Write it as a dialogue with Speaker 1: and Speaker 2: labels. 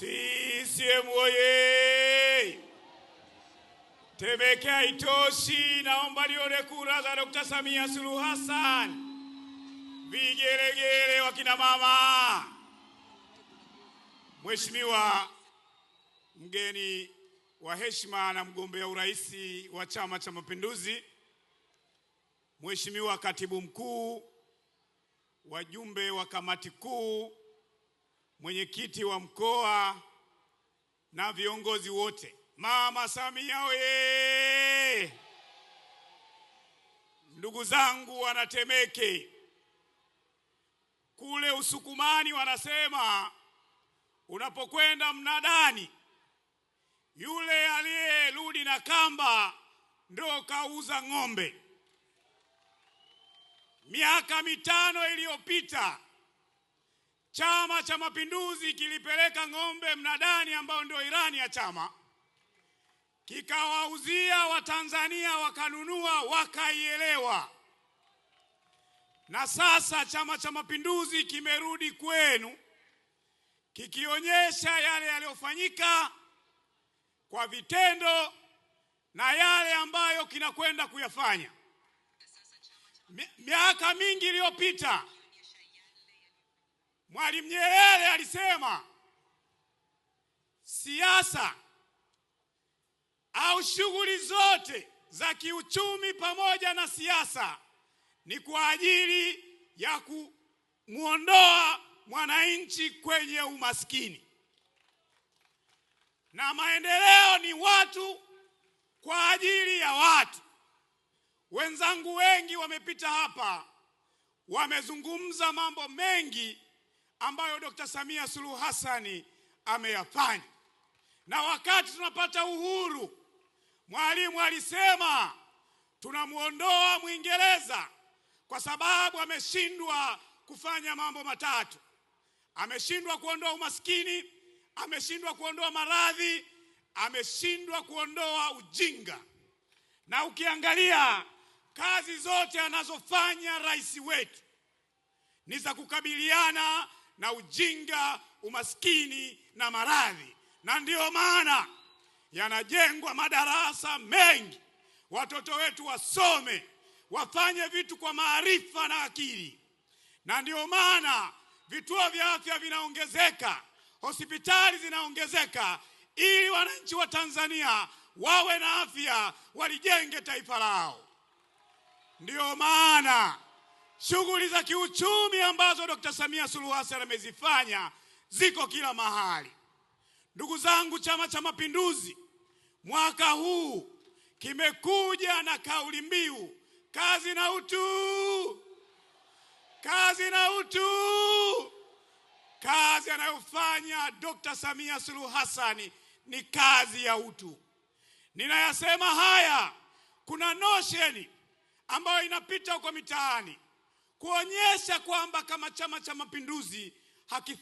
Speaker 1: CCM oye! Tebeke haitoshi, naomba lione kura za Dr. Samia Suluhu Hassan. Vigelegele wakina mama. Mheshimiwa mgeni wa heshima na mgombea urais wa Chama cha Mapinduzi, Mheshimiwa katibu mkuu, wajumbe wa kamati kuu mwenyekiti wa mkoa na viongozi wote. Mama Samia oye! Ndugu zangu Wanatemeke, kule Usukumani wanasema unapokwenda mnadani, yule aliyerudi na kamba ndo kauza ng'ombe. Miaka mitano iliyopita Chama cha Mapinduzi kilipeleka ng'ombe mnadani ambao ndio irani ya chama, kikawauzia Watanzania wakanunua, wakaielewa. Na sasa Chama cha Mapinduzi kimerudi kwenu kikionyesha yale yaliyofanyika kwa vitendo na yale ambayo kinakwenda kuyafanya. Miaka mingi iliyopita Mwalimu Nyerere alisema siasa au shughuli zote za kiuchumi pamoja na siasa ni kwa ajili ya kumwondoa mwananchi kwenye umaskini, na maendeleo ni watu kwa ajili ya watu. Wenzangu wengi wamepita hapa, wamezungumza mambo mengi ambayo Dr. Samia Suluhu Hassani ameyafanya. Na wakati tunapata uhuru, Mwalimu alisema tunamwondoa Mwingereza kwa sababu ameshindwa kufanya mambo matatu: ameshindwa kuondoa umaskini, ameshindwa kuondoa maradhi, ameshindwa kuondoa ujinga. Na ukiangalia kazi zote anazofanya rais wetu ni za kukabiliana na ujinga, umaskini na maradhi, na ndiyo maana yanajengwa madarasa mengi, watoto wetu wasome, wafanye vitu kwa maarifa na akili, na ndiyo maana vituo vya afya vinaongezeka, hospitali zinaongezeka, ili wananchi wa Tanzania wawe na afya, walijenge taifa lao. Ndiyo maana Shughuli za kiuchumi ambazo Dkt. Samia Suluhu Hassan amezifanya ziko kila mahali. Ndugu zangu, Chama cha Mapinduzi mwaka huu kimekuja na kauli mbiu kazi na utu, kazi na utu. Kazi anayofanya Dkt. Samia Suluhu Hassan ni kazi ya utu. Ninayasema haya, kuna nosheni ambayo inapita huko mitaani kuonyesha kwamba kama Chama cha Mapinduzi haki